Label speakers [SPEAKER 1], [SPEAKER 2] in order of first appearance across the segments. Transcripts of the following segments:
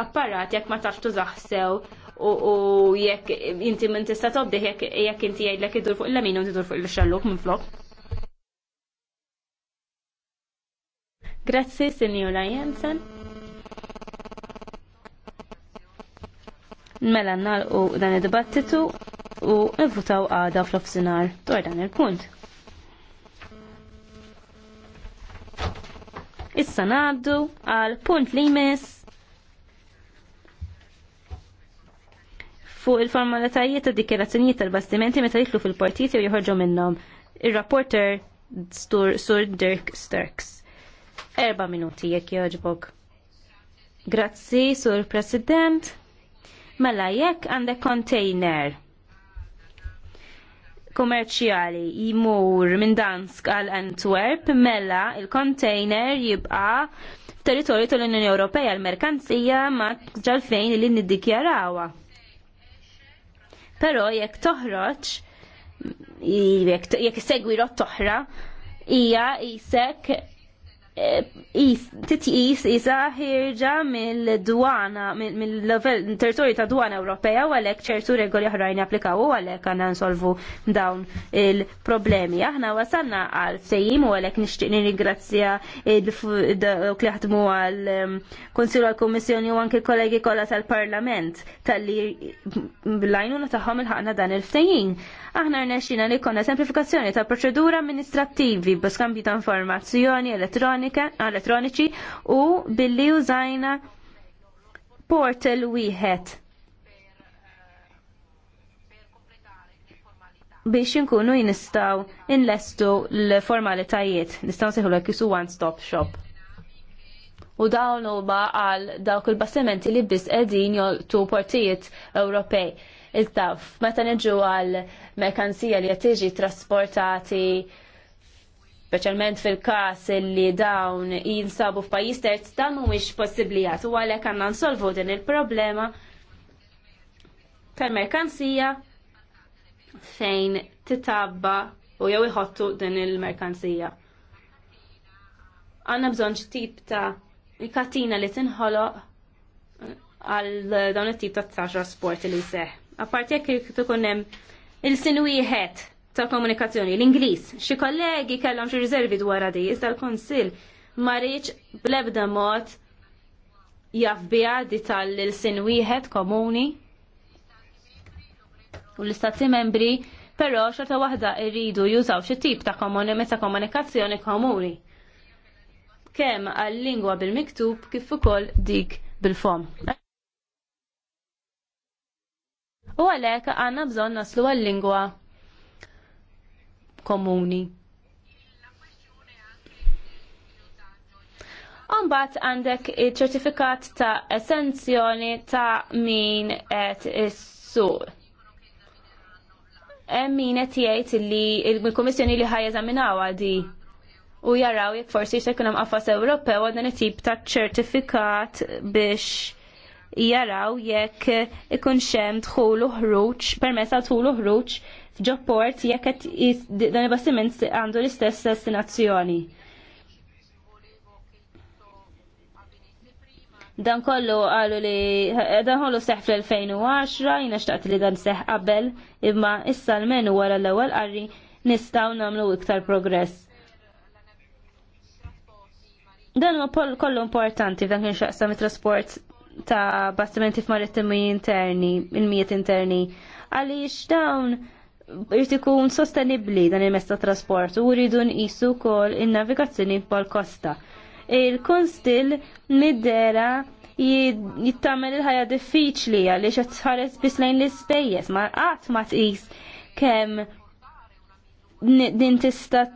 [SPEAKER 1] apparat jekk ma tafx tużaħsew u jekk inti minn tista' tobdi jekk inti jgħidlek idur fuq il-lamin u tidur fuq il-xalluk minn flok. Grazzi, Sinjura Jensen. Mela u dan id-dibattitu u nvutaw għada fl-ofsinar dwar dan il-punt. Issa naddu għal punt li jmiss fuq il-formalitajiet ta' dikjerazzjonijiet tal-bastimenti meta jitlu fil partiti jew joħorġu minnhom. Ir-rapporter Sur Dirk Sturks. Erba' minuti jekk jogħġbok. Grazzi, Sur President. Mela jekk għandek container kommerċjali jimur minn Dansk għal Antwerp, mela il-container jibqa territorju tal-Unjoni Ewropea l-merkanzija ma ġalfejn li niddikjarawa. Però jekk toħroġ, jekk segwi rot toħra, hija isek titqis iża ħirġa mill-dwana, mill-territorju ta' dwana Ewropea u għalhekk ċertu regoli oħrajn applikaw u għalhekk għandna nsolvu dawn il-problemi. Aħna wasanna għal sejjim u għalhekk nixtieq nirringrazzja dawk li ħadmu għal um, Konsilu għal Kummissjoni u għanki kollegi kollha tal-Parlament tal-li l-għajnuna tagħhom il ħakna dan il-ftejjin. Aħna rnexxina li konna semplifikazzjoni ta' proċedura amministrattivi b'skambju ta' informazzjoni elettronika elettroniċi u billi użajna portal wieħed. biex inkunu jinistaw inlestu l-formalitajiet, nistaw seħu l su one-stop shop. U dawn huma għal dawk il-bastimenti li biss qegħdin joltu portijiet Ewropej. Iżda meta niġu għal merkanzija li qed tiġi trasportati speċjalment fil-każ li dawn jinsabu f'pajjiż terz dan mhuwiex possibbli jagħtu għalhekk għandna nsolvu din il-problema tal-merkanzija fejn titabba u jew iħottu din il-merkanzija. Għanna bżonn tip ta' katina li tinħoloq eh, għal dawn it-tip ta' trasport li seħ. Apparti jekk ikun hemm il-sin wieħed tal-komunikazzjoni, l-Ingliż. Xi kollegi kellhom xi riservi dwar di, iżda l-Konsill ma rridx bl-ebda mod jafbija di tal-sin wieħed komuni u l-istati membri però xorta waħda irridu jużaw xi tip ta' komuni ta' komunikazzjoni komuni. Kemm għal-lingwa bil-miktub kif ukoll dik bil-fom. U għalhekk għandna bżonn naslu għal-lingwa komuni. Umbat għandek ċertifikat ta' essenzjoni ta' min et is-suq. Min qed jgħid li l-Kummissjoni li ħajjeżaminawha di u jaraw jekk forsi xekunam jkun hemm Ewropew għal dan it-tip ta' ċertifikat biex jaraw jekk ikun xem tħulu ħruċ, ħruġ tħulu ħruċ ħruġ ġopport jekk qed dan il-bastiment għandu l-istess destinazzjoni. Dan kollu għallu li dan kollu seħ fl-2010, jina xtaqt li dan seħ qabel, imma issa l-menu wara l-ewwel qarri nistgħu nagħmlu iktar progress. Dan huwa kollu importanti f'dan kien xaqsam it-trasport ta' bastimenti f'marittimi interni, il-miet interni, għaliex dawn irrid ikun sostenibbli dan il-mezz ta' trasport u rridu nqisu wkoll in-navigazzjoni bħal-kosta. Il-konstil middera jittamel il-ħajja diffiċli għaliex qed tħares biss lejn l-ispejjeż ma qatt ma tqis kemm din tista'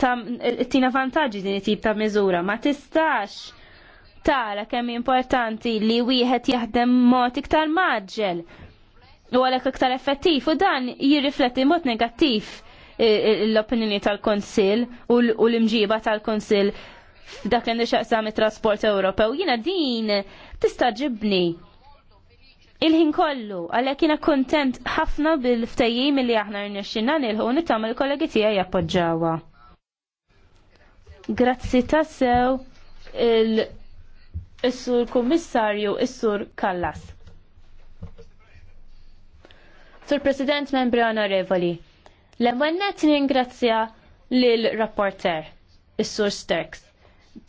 [SPEAKER 1] tina vantaġġi din it-tip ta' miżura ma tistax tara kemm importanti li wieħed jaħdem mod iktar maġġel u għalhekk iktar effettiv u dan jirrifletti mod negattiv eh, eh, l-opinjoni tal-Konsil u l-imġiba tal-Konsil f'dak li nixaqsam it-trasport Ewropew. Jiena din tista' ġibni il-ħin kollu, għalhekk jina kuntent ħafna bil-ftajim li aħna rnexxinna nilħu nittam il-kollegi tiegħi jappoġġawha. Grazzi tassew il-Sur Kummissarju, il sur Kallas. Sur President Membri Onorevoli, l-emennet ringrazzja l-rapporter, il-Sur Sterks,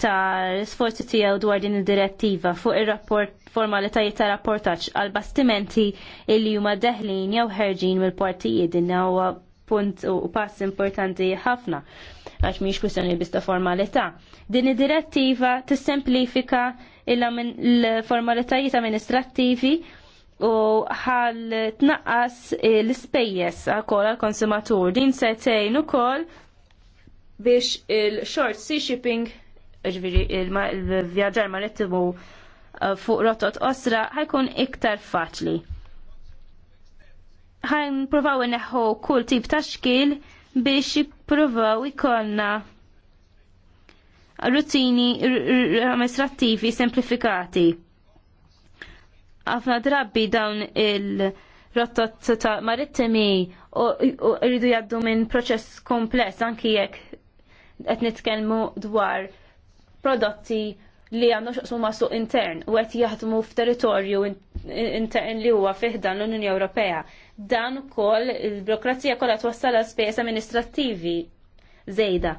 [SPEAKER 1] tal-sforzi tiegħu dwar din id-direttiva fuq ir-rapport formalitajiet ta' rapportaċ għal bastimenti illi huma deħlin jew ħerġin mill-partijiet din huwa punt u pass importanti ħafna għax miex kwistjoni bista formalità. Din id-direttiva tissemplifika il-formalitajiet amministrattivi u ħal tnaqqas l-spejjes għakol għal-konsumatur. Din se tgħin ukoll biex il-short sea shipping, ġviri il-vjaġġar marittimu uh, fuq rotot osra, ħajkun iktar faċli. Ħajn provaw neħu kull tip ta' xkil biex provaw ikonna rutini amministrativi semplifikati għafna drabi dawn il rottot ta' marittimi u rridu jaddu minn proċess kompless anki jekk qed nitkellmu dwar prodotti li għandu xaqsuma suq intern u għet jaħdmu f'territorju intern li huwa fiħdan l-Unjoni Ewropea. Dan kol il-birokrazija kollha twassal għal spejjeż amministrattivi zejda.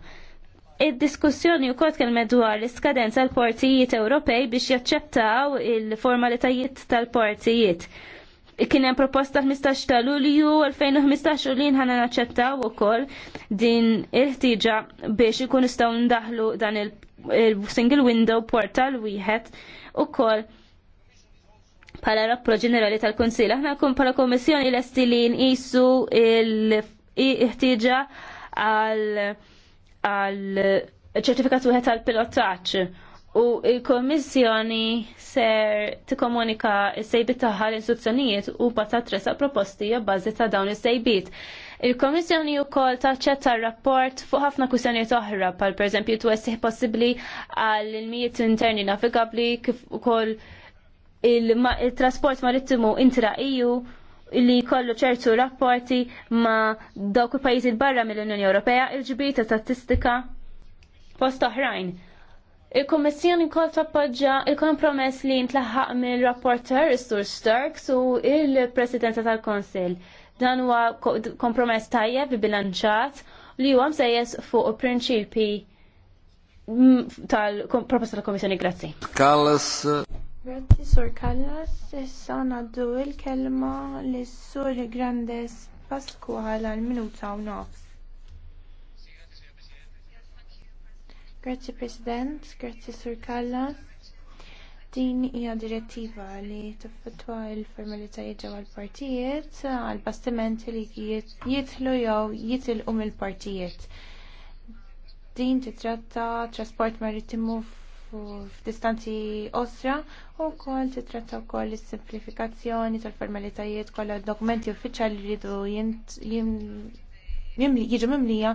[SPEAKER 1] Id-diskussjoni u kod kelmet dwar l-iskadenza l-portijiet Ewropej biex jaċċettaw il-formalitajiet tal-portijiet. Kien hemm proposta 15 ta' Lulju 2015 u lin ħana naċċettaw ukoll din il ħtieġa biex ikun nistgħu ndaħlu dan il-single window portal wieħed ukoll bħala rapport ġenerali tal kunsil Aħna kun bħala Kommissjoni l-estilin isu il-ħtiġa għal għal ċertifikat wieħed għal pilotaġġ u il-Komissjoni ser tikkomunika s-sejbit tagħha l-istituzzjonijiet u bata tresa proposti bażi ta' dawn is-sejbit. Il-Komissjoni wkoll taċċetta r-rapport fuq ħafna kwistjonijiet oħra, pal pereżempju twessih possibbli għal il-mijiet interni navigabbli kif ukoll il-trasport marittimu intra EU li kollu ċertu rapporti ma dawk il-pajjiżi barra mill-Unjoni Ewropea il-ġbita statistika post oħrajn. Il-Kommissjoni kol tappoġġa il-kompromess li ntlaħħaq mill-rapporter Sur Starks u il-Presidenza tal-Konsil. Dan huwa kompromess tajjeb bilanċat li huwa msejjes fuq il prinċipi tal-proposta tal-Kommissjoni. Grazzi. Kallas. Grazzi Sur
[SPEAKER 2] Kallas, issa ngħaddu il kelma lis sur Grandes Pasquala għal minuta u nofs. Grazzi President, grazzi Sur Kallas. Din hija direttiva li tiffettwa l-formalitajiet ġewwa l-partijiet għall bastimenti li jidħlu jew jitilqu mill-partijiet. Din titratta trasport marittimu f-distanzi osra u wkoll titratta wkoll is-simplifikazzjoni tal-formalitajiet kollha dokumenti uffiċjali li jridu jiġu mimlija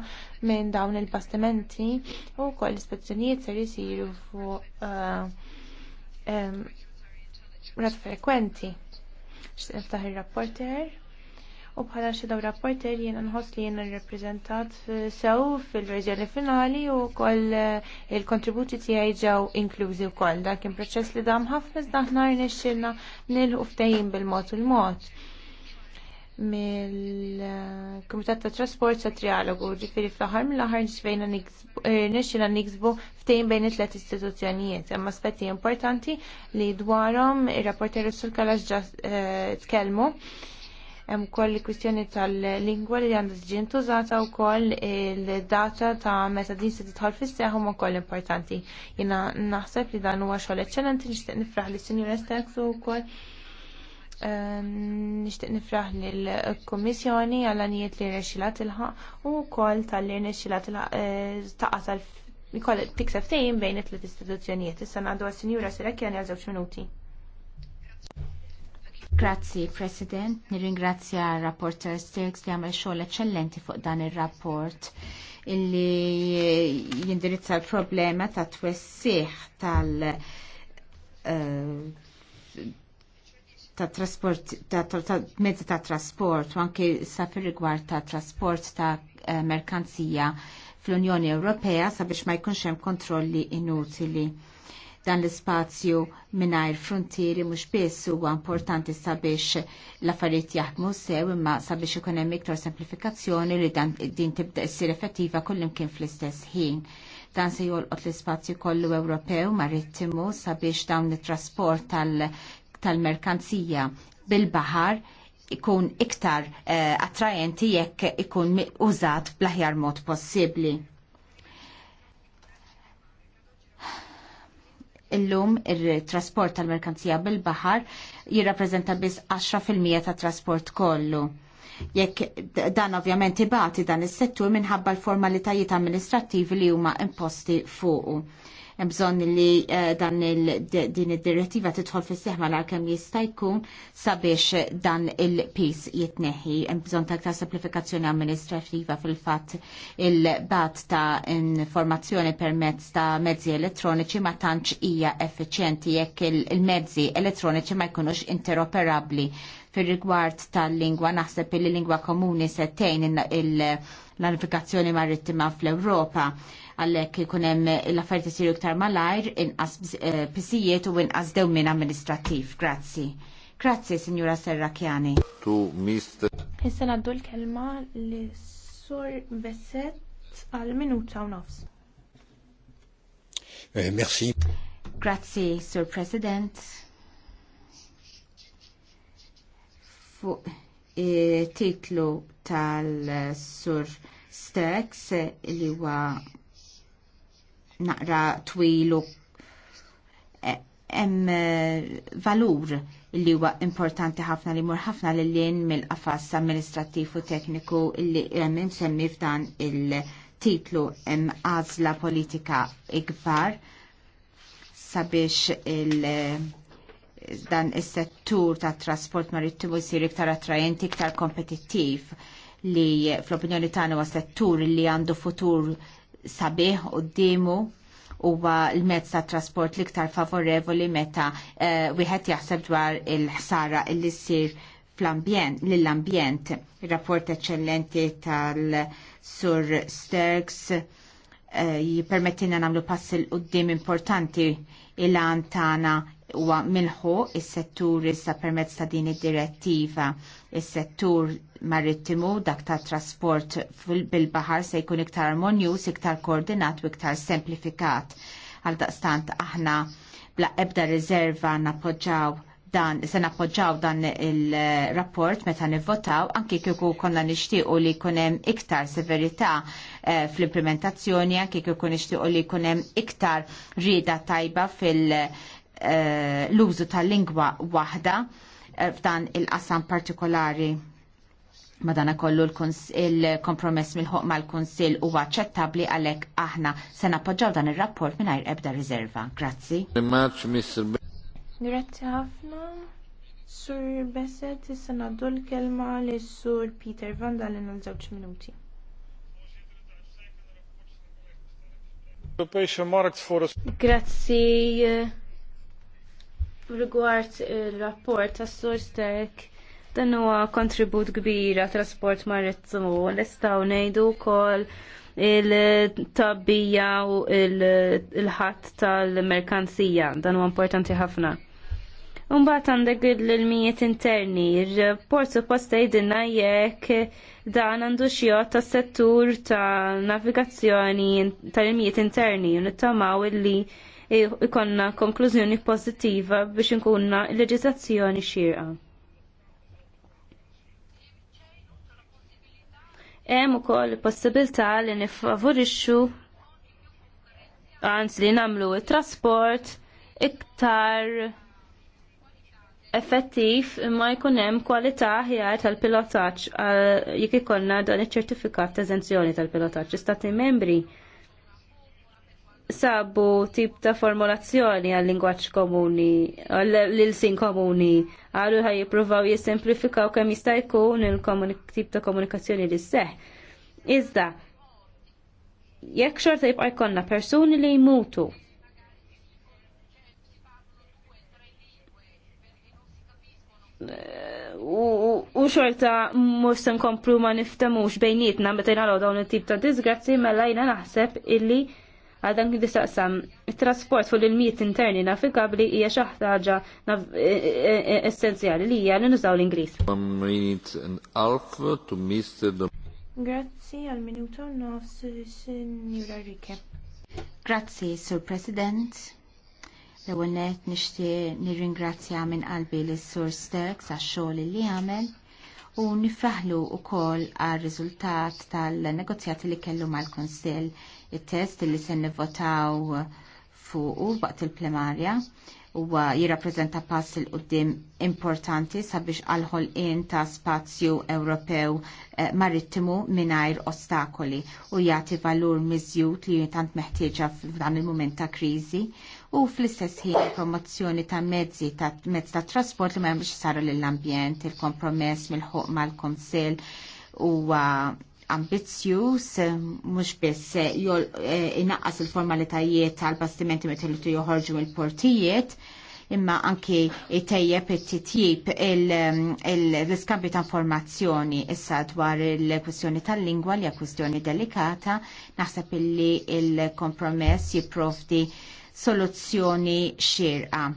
[SPEAKER 2] minn dawn il-bastimenti u wkoll l-ispezzjonijiet ser jisiru fuq uh, rat frekwenti. Xtaħi ir rapporter U bħala xi dawra rapporter jiena nħoss li jiena rrappreżentat eh, sew fil-verżjoni finali u wkoll eh, il-kontributi tiegħi ġew inklużi wkoll. Dak kien proċess li dam ħafna iżda aħna rnexxilna nilħu ftehim bil-mod il mod mill-Kumitat ta' Trasport sa' Trialogu, ġifiri fl-ħar mill-ħar ġifirina nixxina eh, niksbu ftejn bejn it-tlet istituzzjonijiet. Hemm aspetti importanti li dwarhom ir rapporteru Sul Kalax tkellmu hemm ukoll kwistjoni tal-lingwa li għandha tiġi ntużata wkoll il-data ta' meta din se tidħol fis-seħ huma wkoll importanti. Jiena naħseb li dan huwa xogħol eċċellenti nixtieq nifraħ li Sinjura Estex u wkoll ehm, nixtieq nifraħ lill kummissjoni għal nijiet li rnexxilha tilħaq u wkoll tal-li rnexxilha eh, staqa' tal Nikoll tikseb tejn bejn it-tliet istituzzjonijiet. Issa ngħaddu għas-Sinjura Sirekjani għal żewġ minuti.
[SPEAKER 3] Grazzi, President. Nirringrazzja rapporter Stilks li għamel xogħol eċċellenti fuq dan ir-rapport illi jindirizza l-problema ta' twessiħ tal- eh, ta' trasport, ta', ta, ta mezzi ta' trasport, u anki sa' rigward ta' trasport ta' eh, merkanzija fl-Unjoni Ewropea sabiex ma' jkunx hemm kontrolli inutili Dan l-ispazju mingħajr frontieri mhux biss huwa importanti sabiex l-affarijiet jaħdmu sew imma sabiex ikun hemm iktar semplifikazzjoni li dan din tibda ssir effettiva kullimkien fl-istess ħin. Dan se jolqot l-ispazju kollu Ewropew marittimu sabiex dawn it-trasport tal-merkanzija tal bil-baħar ikun iktar uh, eh, attrajenti jekk ikun użat bl-aħjar mod possibbli. Illum il-trasport tal-merkanzija bil-bahar jirrappreżenta biss 10% tat trasport kollu Jekk dan ovvjament ibati dan is-settur minħabba l-formalitajiet amministrattivi li huma imposti fuqu. Hemm bżonn li eh, dan din id-direttiva tidħol fis seħma l kemm jista' jkun sabiex dan il-pis jitneħi. Hemm bżonn ta' aktar simplifikazzjoni amministrattiva fil-fatt il-bat ta' informazzjoni permezz ta' mezzi elettroniċi ma tantx hija effiċjenti jekk il-mezzi elettroniċi ma jkunux interoperabbli fil-rigward tal-lingwa naħseb li lingwa komuni se tgħin l-anifikazzjoni marittima fl-Ewropa għallek kunem l affarijiet jisiru iktar malajr inqas eh, pisijiet u inqas dewmin amministrativ. Grazzi. Grazzi, Signora Serrakjani. Tu Issa
[SPEAKER 2] ngħaddu l-kelma li sur Besset għal minuta u nofs.
[SPEAKER 3] Eh, merci. Grazzi, Sur President. fuq eh, titlu tal-sur Stex li huwa naqra twilu hemm e, valur li huwa importanti ħafna li mur ħafna lil lin mill-qafas amministrattiv u tekniku li hemm insemmi f'dan il-titlu hemm għażla politika ikbar sabiex il- dan is-settur tat trasport marittimu jsir iktar attrajenti, iktar kompetittiv li fl-opinjoni tagħna huwa settur li għandu futur sabiħ d-dimu huwa l-mezz tat trasport l-iktar favorevoli meta uh, wieħed jaħseb dwar il-ħsara li ssir fl-ambjent, lill-ambjent. Il-rapport eċċellenti tal-Sur Sterks uh, eh, jipermettina namlu passi il-qoddim importanti il-għan tagħna huwa minħu is-settur issa permezz ta' din id-direttiva is-settur marittimu dak ta' trasport bil-baħar se jkun iktar armonjus, iktar koordinat u iktar semplifikat. Għal daqstant aħna bla ebda riserva napoġġaw dan, se nappoġġaw dan il-rapport meta nivvotaw, anki kieku konna nixtiequ li kunem iktar severità eh, fl-implementazzjoni, anki kieku nixtiequ li kunem iktar rida tajba fil- Eh, l-użu tal-lingwa waħda eh, f'dan il-qasam partikolari madana kollu il-kompromess mill-ħoq mal kunsil u għacċettabli għalek aħna se nappoġġaw dan il-rapport mingħajr ebda riserva. Grazzi.
[SPEAKER 2] Grazzi ħafna. Sur Besset, sena dol kelma li sur Peter Van Dalen għal żewġ
[SPEAKER 1] minuti. Grazzi. Eh, rigward il-rapport ta' Sur dan huwa kontribut kbira trasport marittimu nistgħu ngħidu wkoll il-tabbija u il-ħadd tal-merkanzija dan huwa importanti ħafna. Umbat għandek l mijiet interni, il port supposta jgħidilna jekk dan għandu xjot ta' settur ta' navigazzjoni tal mijiet interni, nittamaw illi li E ikonna konklużjoni pozittiva biex inkunna leġizazzjoni xirqa. Hemm ukoll possibilità li nifavorixxu anzi li nagħmlu it-trasport iktar effettiv imma jkun hemm kwalità ħjar tal-pilotaġġ eh, jekk ikollna dan iċ-ċertifikat ta' eżenzjoni tal-pilotaġġ. Istati membri sabu tip ta' formulazzjoni għal lingwaġġ komuni, l-sin komuni, għallu ħaj jipruvaw jisimplifikaw kemm jista' jkun il-tip ta' komunikazzjoni li seħ. Iżda, jekk xorta jibqa' jkollna persuni li jmutu u xorta mux nkomplu ma niftemux bejnietna meta l dawn it-tip ta' disgrazzi mela jina naħseb illi Għadan kif distaqsam, trasport fuq il-miet interni nafikabli hija xi ħaġa e- e- e- essenzjali li hija li nużaw l-Ingliż.
[SPEAKER 2] Grazzi għal minuto nofs Signora Rike.
[SPEAKER 3] Grazzi, Sur President. L-ewwel nixtieq nirringrazzja minn qalbi lis sur Sterks għax-xogħol li għamel u nifraħlu u kol għal rizultat tal-negozjati li kellu mal-Konsil il-test li se nivotaw fuq waqt il-plenarja u jirrapprezenta pass il qoddim importanti sabiex għalħol in ta' spazju Ewropew eh, marittimu minajr ostakoli u jati valur mizjut li tant meħtieġa f'dan il-moment ta' krizi u fl-istess ħin promozzjoni ta' mezzi ta' mezz ta' trasport li ma jemx saru lill-ambjent, il-kompromess mill-ħuq mal konsil huwa ambizjus, mhux biss eh, eh, inaqqas il-formalitajiet tal-bastimenti meta li joħorġu il-portijiet, imma anki tejjeb it-titjib l-iskambju eh, ta' informazzjoni issa dwar il-kwestjoni tal-lingwa li hija kwestjoni delikata, naħseb illi il-kompromess jipprovdi soluzzjoni xirqa.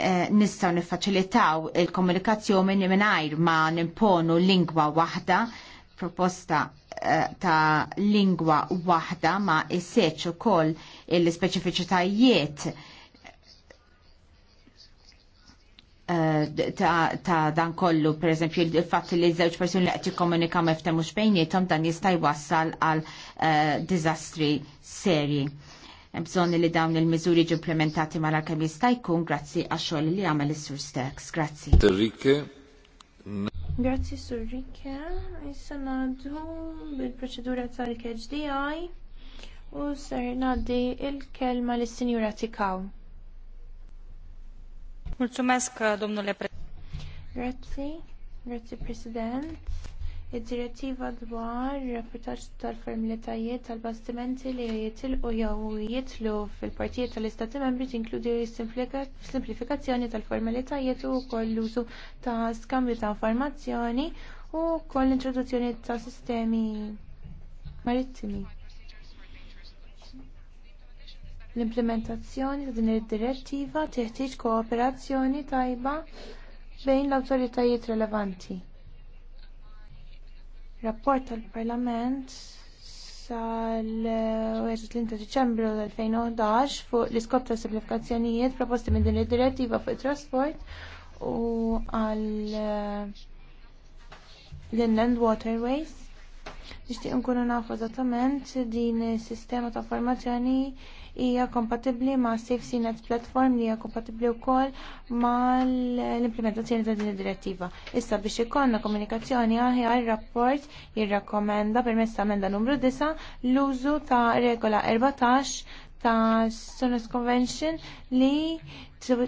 [SPEAKER 3] Eh, nistaw nifaċilitaw il-komunikazzjoni mingħajr ma nimponu lingwa waħda, proposta eh, ta' lingwa waħda ma' isseċ ukoll il-speċifiċitajiet ta' dan kollu, per eżempju, il-fatt li żewġ persuni li qed jikkomunika ma jiftehmux bejniethom dan jista' jwassal għal eh, diżastri serji. Bżonni li dawn il-miżuri ġi implementati mara kemm jista' jkun grazzi għax-xogħol li għamel is-Sur Stex. Grazzi.
[SPEAKER 2] Grazzi Sur Rike. Issa ngħaddu bil-proċedura tal-KHDI u ser ngħaddi il-kelma lis-Sinjura Tikaw. Mulțumesc, domnule președinte. Grazie, President. Id-direttiva e dwar rapportaġġ tal-fermilitajiet tal-bastimenti li jitilqu jew jitlu fil-partijiet tal-Istati membri tinkludi simplifikazzjoni tal-formalitajiet u wkoll l-użu ta' skambju ta' informazzjoni u wkoll l-introduzzjoni ta' sistemi marittimi. L-implementazzjoni ta' din id-direttiva teħtieġ kooperazzjoni tajba bejn l-awtoritajiet relevanti. Rapport tal-Parlament sal-31 Diċembru 2011 fuq l-iskop ta' simplifikazzjonijiet proposti minn din id-direttiva fuq it-trasport u għal eh, l-Inland Waterways. Nixtieq nkunu nafu eżattament din is-sistema ta' formazzjoni hija kompatibbli ma' SafeCNet platform li hija kompatibbli wkoll ma' l-implementazzjoni ta' din id-direttiva. Issa biex ikollna komunikazzjoni aħjar ir-rapport jirrakkomenda permezz ta' Amenda numru 9 l-użu ta' regola 14 ta' Sonus Convention li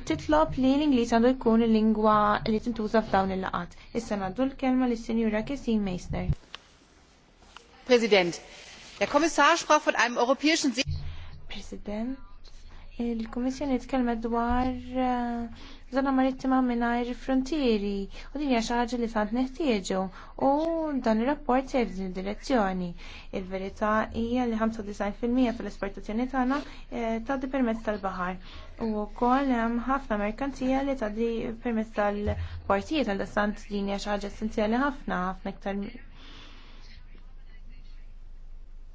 [SPEAKER 2] titlob li l-Ingliż għandu jkun il-lingwa li tintuża f'dawn il-laqat. Issa ngħaddu l-kelma lis sinjura Kesin Meissner. President, der Kommissar sprach von einem europäischen President. Il-Kummissjoni tkellmet dwar żona eh, marittima mingħajr frontieri u din hija xi ħaġa li sant neħtieġu u dan ir-rapport se din id-direzzjoni. Il-verità hija li 95% tal-esportazzjoni tagħna eh, tgħaddi permezz tal-baħar. U wkoll hemm ħafna merkanzija li tgħaddi permezz tal-portijiet għal dastant din hija xi ħaġa essenzjali ħafna ħafna iktar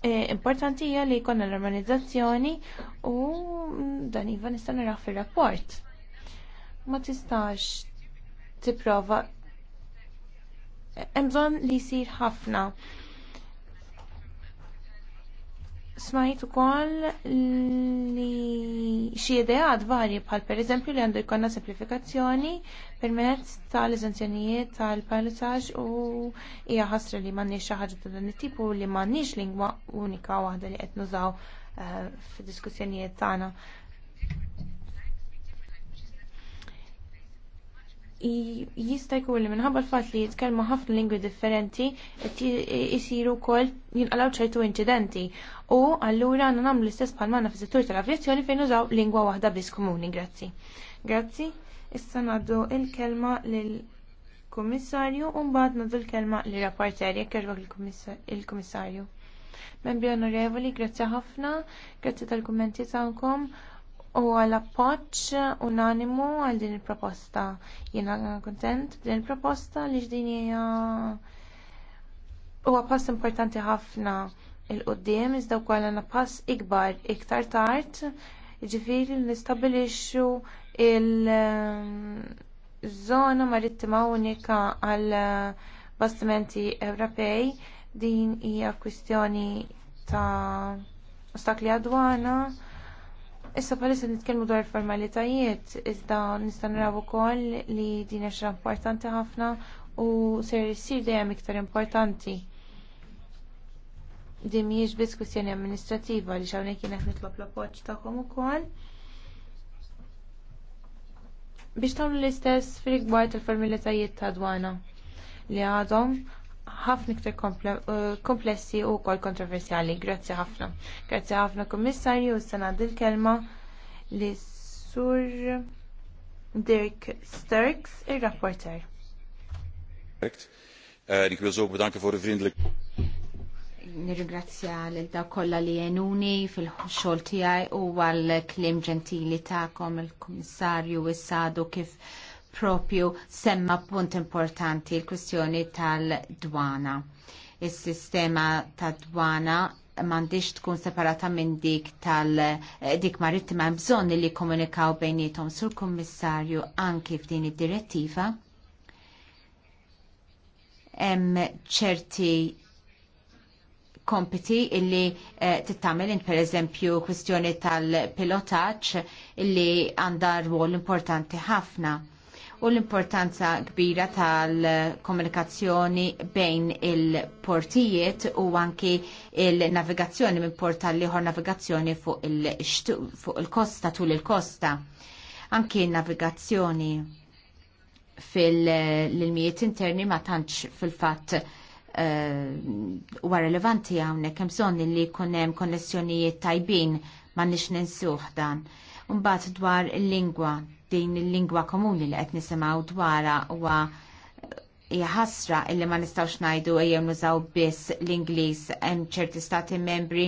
[SPEAKER 2] Eh, importanti hija li jkollna l organizzazzjoni u mm, dan iva nista' naraw fir-rapport. Ma tistax tipprova hemm bżonn li jsir ħafna Smajt ukoll li xi idea varje bħal pereżempju li għandu jkollna semplifikazzjoni permezz tal-eżenzjonijiet tal-palutaġġ u hija ħasra li m'għandniex xi ħaġa ta' dan it-tipu li m'għandniex lingwa unika waħda li qed nużaw eh, fid-diskussjonijiet tagħna. jista' jkun li minħabba l-fatt li jitkellmu ħafna lingwi differenti jisiru wkoll jinqalgħu ċertu inċidenti. U allura għandna nagħmlu l-istess bħalmanna manna fis-settur tal-avjazzjoni fejn użaw lingwa waħda biss komuni. Grazzi. Grazzi. Issa ngħaddu il-kelma lil kummissarju u mbagħad nagħdu l-kelma lir rapporter jekk jogħġbok il-kummissarju. Membri onorevoli, grazzi ħafna, grazzi tal-kummenti tagħkom u għal appoġġ unanimu għal din il-proposta. Jiena kuntent b'din il-proposta li x'din hija huwa pass importanti ħafna il-qoddim iżda wkoll għandna pass ikbar iktar tard ġifiri nistabilixxu il-żona marittima unika għal bastimenti Ewropej din hija kwistjoni ta' ostakli għadwana Issa palissa nitkellmu dwar formalitajiet, iżda nista' naraw ukoll li din hija importanti ħafna u ser issir dejjem iktar importanti din mhijiex biss kwistjoni amministrativa li hawnhekk kienet qed nitlob l-appoġġ tagħhom ukoll. Biex tagħmlu l-istess fil-gbar tal-formilitajiet ta' dwana li għadhom ħafna iktar uh, komplessi u kol kontroversjali. Grazzi ħafna. Grazzi ħafna komissarju u sena dil-kelma li sur Dirk Sturks, il-rapporter.
[SPEAKER 3] Eh, Ik wil ze ook bedanken voor de vriendelijke. Nirringrazzja lil daw kollha li jenuni fil-xogħol tiegħi u għal klim ġentili tagħkom il-Kummissarju u s-sadu kif propju semma punt importanti l-kwistjoni tal-dwana. il sistema tad-dwana mandiċ tkun separata minn dik tal-dik eh, marittima bżon li komunikaw bejnietom sur kommissarju anki f'din id-direttiva. Hemm ċerti kompiti illi eh, tittamil int per eżempju kwistjoni tal-pilotaċ illi għandha rwol importanti ħafna u l-importanza kbira tal-komunikazzjoni bejn il-portijiet u anki il-navigazzjoni minn port tal-liħor navigazzjoni fuq il-kosta tul il-kosta. Anki navigazzjoni fil-miet interni ma tantx fil-fatt eh, huwa relevanti hawnhekk hemm bżonn li jkun hemm konnessjonijiet tajbin ma nix ninsuh dan. Mbagħad dwar il-lingwa din il-lingwa komuni li qed nisimgħu dwarha huwa eh, hija ħasra illi ma nistgħux ngħidu ejjew nużaw biss l-Ingliż hemm ċerti stati membri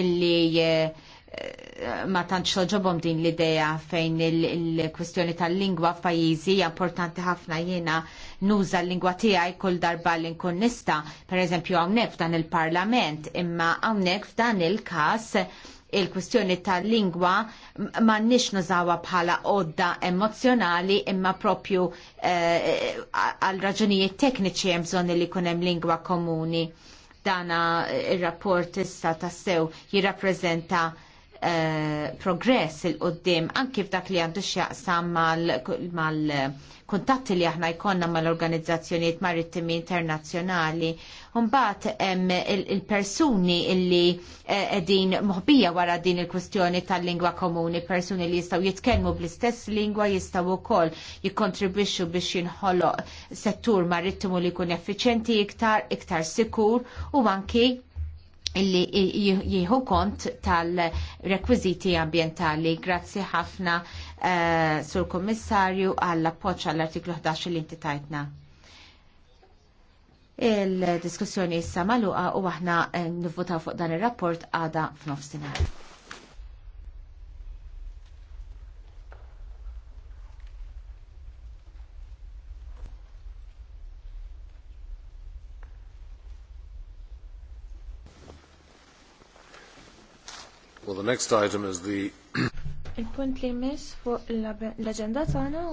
[SPEAKER 3] illi eh, eh, ma tantx oġobhom din l-idea fejn il-kwestjoni tal-lingwa f'pajjiżi hija importanti ħafna jiena nuża l-lingwa tiegħi kull darba li nkun nista, pereżempju hawnhekk f'dan il-Parlament, imma hawnhekk f'dan il-każ il-kwistjoni tal-lingwa ma nix nużawa bħala odda emozjonali imma propju eh, għal raġunijiet tekniċi hemm bżonn li jkun hemm lingwa komuni. Dana eh, ir-rapport issa tassew jirrappreżenta eh, progress il-qoddim anki f'dak li għandu xjaqsam mal-kuntatti li aħna jkonna mal-organizzazzjoniet marittimi internazzjonali Mbagħad hemm il-persuni illi eh, qegħdin moħbija wara din il-kwestjoni tal-lingwa komuni, persuni li jistgħu jitkellmu bl-istess lingwa jistgħu wkoll jikkontribwixxu biex jinħoloq settur marittimu li jkun effiċenti iktar, iktar sikur u anki illi jieħu kont tal-rekwiziti ambientali. Grazzi ħafna uh, sur kommissarju għall appoġġ għall-artiklu 11 li inti tajtna. Il-diskussjoni issa maluqa u aħna eh, nivvotaw fuq dan ir-rapport għada f'nofsinhar.
[SPEAKER 1] Well, the next item is the...
[SPEAKER 2] Il-punt li mis fuq l-agenda tagħna